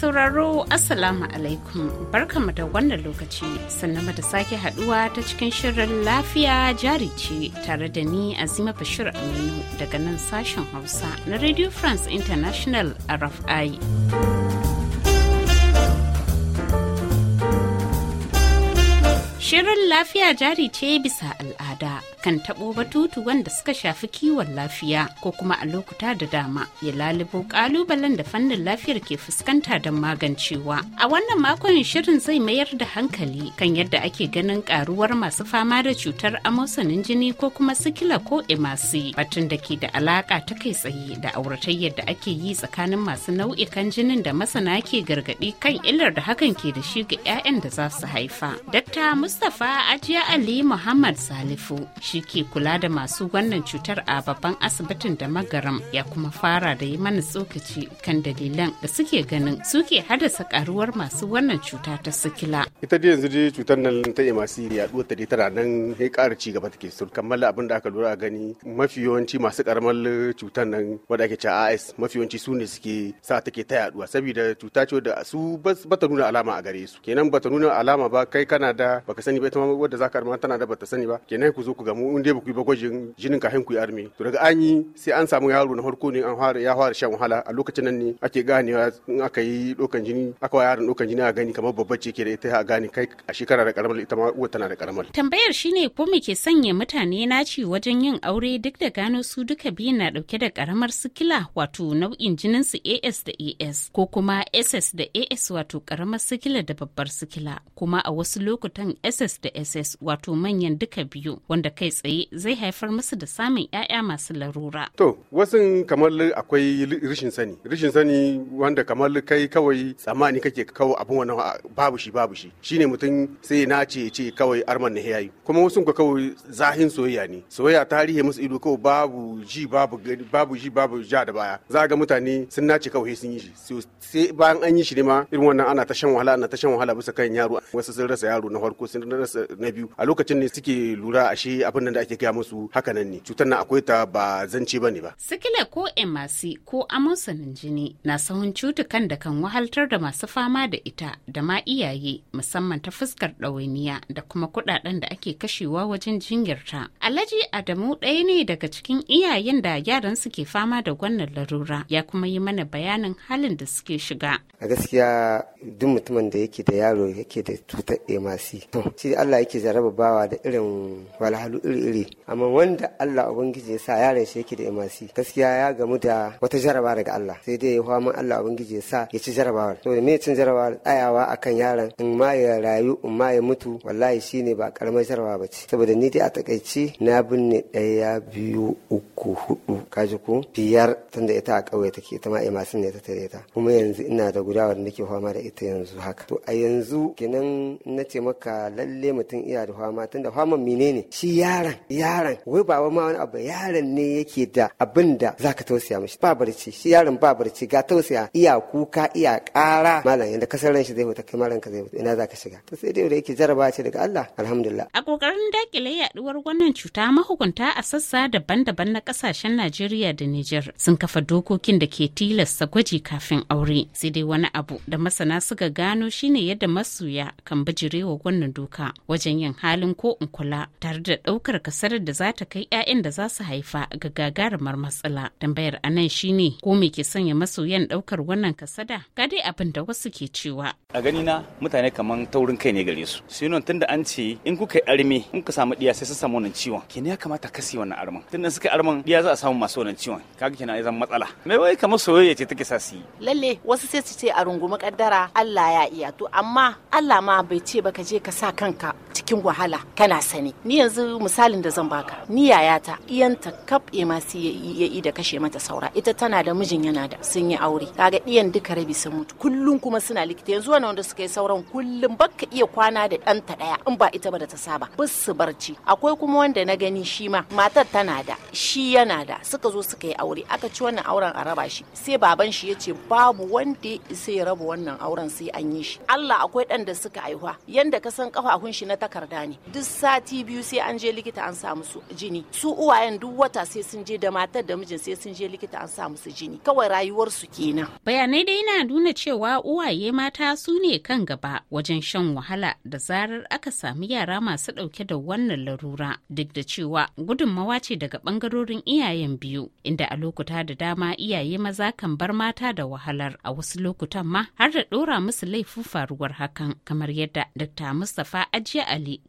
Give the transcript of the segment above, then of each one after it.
sauraro Assalamu alaikum barkanmu da wannan lokaci sannan da sake haduwa ta cikin shirin lafiya jari ce tare da ni Azima Bashir Aminu daga nan sashen Hausa na Radio France International RFI. Shirin lafiya jari ce bisa al'ada. al'ada kan taɓo batutu wanda suka shafi kiwon lafiya ko kuma a lokuta da dama ya lalubo ƙalubalen da fannin lafiyar ke fuskanta don magancewa. A wannan makon shirin zai mayar da hankali kan yadda ake ganin ƙaruwar masu fama da cutar amosanin jini ko kuma sikila ko emasi batun da ke da alaƙa ta kai tsaye da auratayyar yadda ake yi tsakanin masu nau'ikan jinin da masana ke gargaɗi kan illar da hakan ke da shi ga 'ya'yan da za su haifa. Dakta Mustapha Ajiya Ali Muhammad Salif Salifu shi ke kula da masu wannan cutar a babban asibitin da magaram ya kuma fara da yi mana tsokaci kan dalilan da suke ganin suke haddasa karuwar masu wannan cuta ta sikila. Ita dai yanzu dai cutar nan ta yi emasi yaduwar ta dai tana nan ya kara ci gaba take sun kammala abin da aka lura gani mafi yawanci masu karamar cutar nan wanda ake cewa AS mafi yawanci su ne suke sa take ta yaduwa saboda cuta ce da su bata nuna alama a gare su kenan bata nuna alama ba kai kana da baka sani ba ita ma wadda zaka arma tana da bata sani ba kenan ku zo ku gamu in dai ba ku yi ba gwajin jinin kafin ku yi armi to daga an yi sai an samu yaro na farko ne an fara ya fara shan wahala a lokacin nan ne ake ganewa in aka yi dokan jini aka wa yaron dokan jini a gani kamar babbar ce ke da ita a gani kai a shekara da karamar ita ma uwar tana da karamar tambayar shine ko me ke sanya mutane naci wajen yin aure duk da gano su duka biyu na dauke da karamar sikila wato nau'in jinin su AS da AS ko kuma SS da AS wato karamar sikila da babbar sikila kuma a wasu lokutan SS da SS wato manyan duka biyu wanda kai tsaye zai haifar musu da samun 'ya'ya masu larura. To, wasu kamar akwai rishin sani, rishin sani wanda kamar kai kawai tsammani kake kawo abin wannan babu shi babu shi, shine mutum sai na ce ce kawai arman na yayi. Kuma wasu ka kawai zahin soyayya ne, soyayya tarihi musu ido kawai babu ji babu babu ji babu ja da baya. Za ga mutane sun nace kawai sun yi shi, sai bayan an yi shi ne ma irin wannan ana ta shan wahala ana ta shan wahala bisa kan yaro, wasu sun rasa yaro na farko sun rasa na biyu a lokacin ne suke lura a ashe abin da ake gaya musu hakanan ne cutar nan akwai ta ba zance ba ne ba. Sikila ko emasi ko amosanin jini na sahun cutukan da kan wahaltar da masu fama da ita da ma iyaye musamman ta fuskar ɗawainiya da kuma kuɗaɗen da ake kashewa wajen jinyarta. Alhaji Adamu ɗaya ne daga cikin iyayen da yaran suke fama da wannan larura ya kuma yi mana bayanin halin da suke shiga. A gaskiya duk mutumin da yake da yaro yake da cutar emasi. Shi Allah yake jarabawa da irin walhalu iri-iri amma wanda Allah ubangiji ya sa yaran shi yake da imasi gaskiya ya gamu da wata jaraba daga Allah sai dai ya hawa Allah ubangiji ya sa ya ci jarabawar to me cin jarabawar tsayawa akan yaron in ma ya rayu in ma ya mutu wallahi ne ba karamar jaraba ba ce saboda ni dai a takaici na binne ɗaya biyu uku hudu kaji ku biyar tunda ita a kauye take ita ma imasin ne ta tare ta kuma yanzu ina da guda wanda nake fama da ita yanzu haka to a yanzu kenan na ce maka lalle mutum iya da fama tunda menene shi yaron yaron wai ba ma wani abu yaron ne yake da abin da zaka tausaya mishi ba barci shi yaron ba barci ga tausaya iya kuka iya ƙara malam yadda kasar ran shi zai huta kai malam ka zai huta ina zaka shiga to sai dai da yake jaraba ce daga Allah alhamdulillah a kokarin dakile yaduwar wannan cuta mahukunta a sassa daban-daban na kasashen Najeriya da Niger sun kafa dokokin da ke tilasta gwaji kafin aure sai dai wani abu da masana suka gano shine yadda masoya kan bijirewa wannan doka wajen yin halin ko in kula tare tare da daukar kasar da za ta kai 'ya'yan da za su haifa ga gagarumar matsala. Tambayar a nan shine ko me ke sanya masoyan daukar wannan kasada ga dai abin da wasu ke cewa. A gani na mutane kaman taurin kai ne gare su. Sinon tunda an ce in kuka yi arme in ka samu diya sai su samu wannan ciwon. Kenan ya kamata kasi wannan arman. Tunda suka arman diya za a samu masu wannan ciwon. Kaga kenan ya zama matsala. Me wai kamar soyayya ce take sa su yi. Lalle wasu sai su ce a rungumi kaddara Allah ya iya to amma Allah ma bai ce ba ka je ka sa kanka cikin wahala kana sani ni yanzu misalin da zan baka ni yayata iyanta kap emasi ya yi da kashe mata saura ita tana da mijin yana da sun yi aure kaga iyan duka rabi sun mutu kullum kuma suna likita yanzu wannan wanda suka yi sauran kullum baka iya kwana da ɗanta daya in ba ita ba da ta saba bus su barci akwai kuma wanda na gani shi ma matar tana da shi yana da suka zo suka yi aure aka ci wannan auren a raba shi sai baban shi ya ce babu wanda sai ya raba wannan auren sai an yi shi Allah akwai ɗan da suka aihuwa yanda ka san kafafun shi na ta takarda ne duk sati biyu sai an je likita an sa musu jini su uwayen duk wata sai sun je da matar da mijin sai sun je likita an sa musu jini kawai rayuwar su kenan bayanai dai na nuna cewa uwaye mata su ne kan gaba wajen shan wahala da zarar aka sami yara masu dauke da wannan larura duk da cewa gudunmawa ce daga bangarorin iyayen biyu inda a lokuta da dama iyaye maza kan bar mata da wahalar a wasu lokutan ma har da dora musu laifin faruwar hakan kamar yadda Dr. Mustapha Ajiya Ali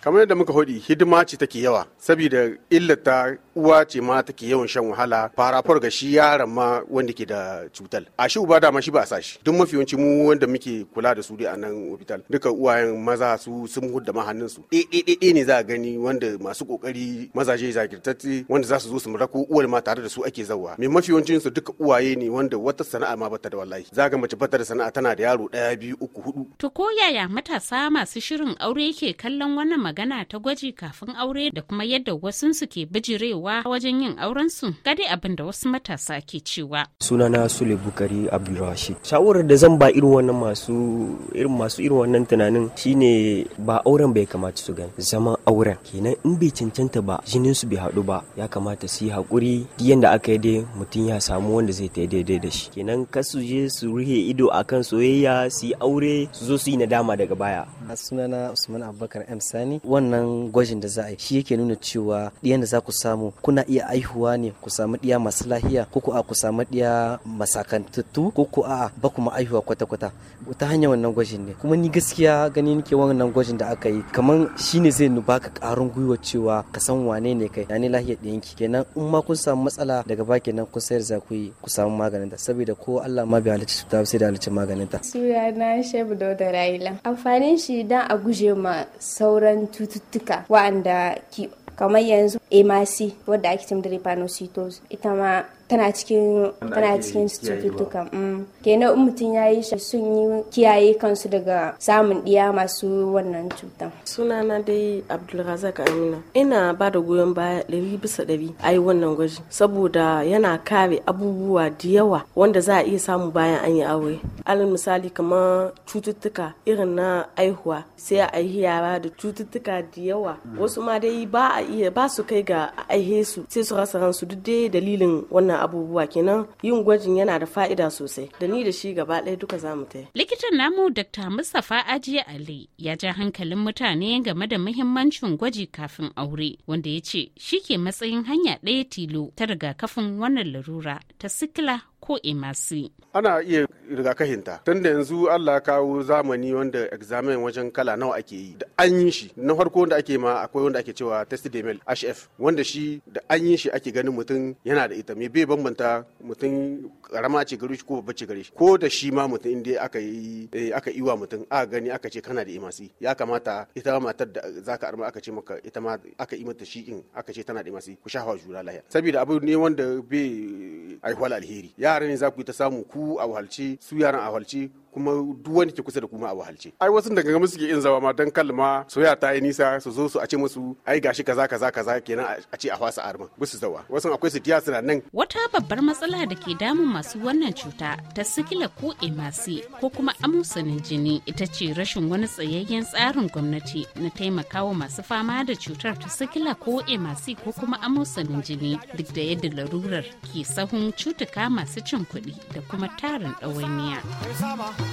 Kamar yadda muka hudi hidima ce take yawa saboda illata uwa ce ma take yawan shan wahala farafar ga shi yaron ma wanda ke da cutar. A shi uba dama shi ba a sashi duk mafi yawanci mu wanda muke kula da su dai a nan hospital duka uwayen maza su sun hudda ma hannun su. E ne za a gani wanda masu kokari mazaje zagirtatti wanda za su zo su rako uwar ma tare da su ake zawa. Me mafi yawancin su duka uwaye ne wanda wata sana'a ma bata da wallahi. Za ka mace bata da sana'a tana da yaro ɗaya biyu uku hudu. To ko yaya matasa masu shirin aure aure ke kallon wannan magana ta gwaji kafin aure da kuma yadda su ke bijirewa wajen yin aurensu ga dai abin da wasu matasa ke cewa. Sunana Sule Bukari Abdulrashid. Shawarar da zan ba irin wannan masu irin masu irin wannan tunanin shine ba auren bai kamata su gani zaman auren kenan in bai cancanta ba jinin su bai haɗu ba ya kamata su yi duk yanda aka yi dai mutum ya samu wanda zai ta daidai da shi kenan su je su ruhe ido akan soyayya su yi aure su zo su yi nadama daga baya. Sunana usman abubakar m sani wannan gwajin da za a yi shi yake nuna cewa ɗiyan da za ku samu kuna iya aihuwa ne ku samu ɗiya masu lahiya ko ku a ku samu ɗiya masakantattu ko ku a ba ku ma aihuwa kwata-kwata ta hanyar wannan gwajin ne kuma ni gaskiya gani nake wannan gwajin da aka yi kamar ne zai baka ƙarin gwiwa cewa ka san wane ne kai yani lahiyar ki kenan in ma kun samu matsala daga ba kenan kun sayar za ku yi ku samu maganin ta saboda ko Allah ma bai halicci cuta sai da halicci maganin ta. Suna na Shebu Dauda Raila. Amfanin shi dan a guje ma sauran cututtuka wa'anda ki kamar yanzu emasi wadda ake cin drepanocytosis ita ma tana cikin tana cikin cututtuka mm. kenan in mutum ya yi sun yi kiyaye kansu daga samun ɗiya masu wannan cutan sunana dai abdulrazak amina ina ba da goyon baya ɗari bisa ɗari a yi wannan gwaji saboda yana kare abubuwa da yawa wanda za a iya samu bayan an yi aure alal misali kamar cututtuka irin na aihuwa sai a yi yara da cututtuka da yawa mm. wasu ma dai ba a iya ba su kai ga aihe su sai su rasa ransu duk dai dalilin wannan waɗannan abubuwa kenan yin gwajin yana da fa'ida sosai da ni da shi gaba ɗaya duka za mu ta likitan namu dr mustapha ajiye ali ya ja hankalin mutane game da muhimmancin gwaji kafin aure wanda ya ce shi ke matsayin hanya ɗaya tilo ta rigakafin wannan larura ta sikila ko emasi. Ana iya rigakahinta tun da yanzu Allah kawo zamani wanda examen wajen kala nawa ake yi da an yi shi na farko wanda ake ma akwai wanda ake cewa test demel HF wanda shi da an yi shi ake ganin mutum yana da ita me bai bambanta mutum karama ce gare shi ko babba ce gare shi ko da shi ma mutum inda aka yi eh, aka iwa mutum a gani aka ce kana da emasi ya kamata ita matar da zaka arma aka ce maka ita ma aka yi mata shi in aka ce tana da emasi ku hawa jura lahiya saboda abu ne wanda bai aihuwal alheri ya yara ne za ku yi ta samu ku a walci su yaran a walci kuma duk wani ke kusa da kuma a wahalce ai wasu daga gama suke in zama ma don kalma soya ta yi nisa su zo su a ce musu ai gashi kaza kaza kaza kenan a ce a fasa arma bisu zawa wasu akwai su tiya suna nan wata babbar matsala da ke damun masu wannan cuta ta sikila ko emasi ko kuma amusanin jini ita ce rashin wani tsayayyen tsarin gwamnati na taimakawa masu fama da cutar ta sikila ko emasi ko kuma amusanin jini duk da yadda larurar ke sahun cutuka masu cin kuɗi da kuma tarin ɗawainiya.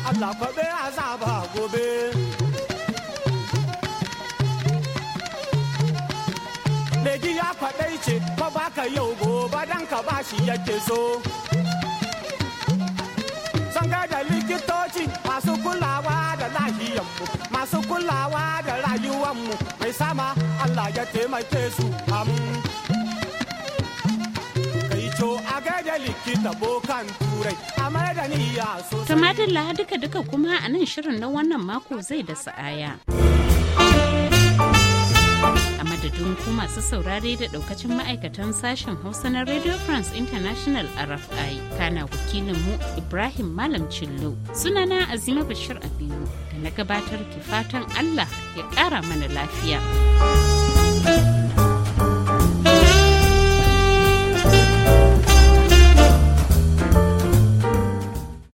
Allah azaba gobe. Legi ya kwaɗai ce, ba ka yau gobe dan ka bashi yake so. Sun da likitoci masu kulawa da lahiyanmu, masu kulawa da rayuwanmu, mai sama Allah ya taimake su amin. bokan duka-duka kuma a nan shirin na wannan mako zai da sa'aya. madadin ku masu saurare da daukacin ma'aikatan sashen hausa na radio france international rfi kana mu ibrahim malam cillo sunana azima bashir abiyu da na gabatar ki fatan allah ya ƙara mana lafiya.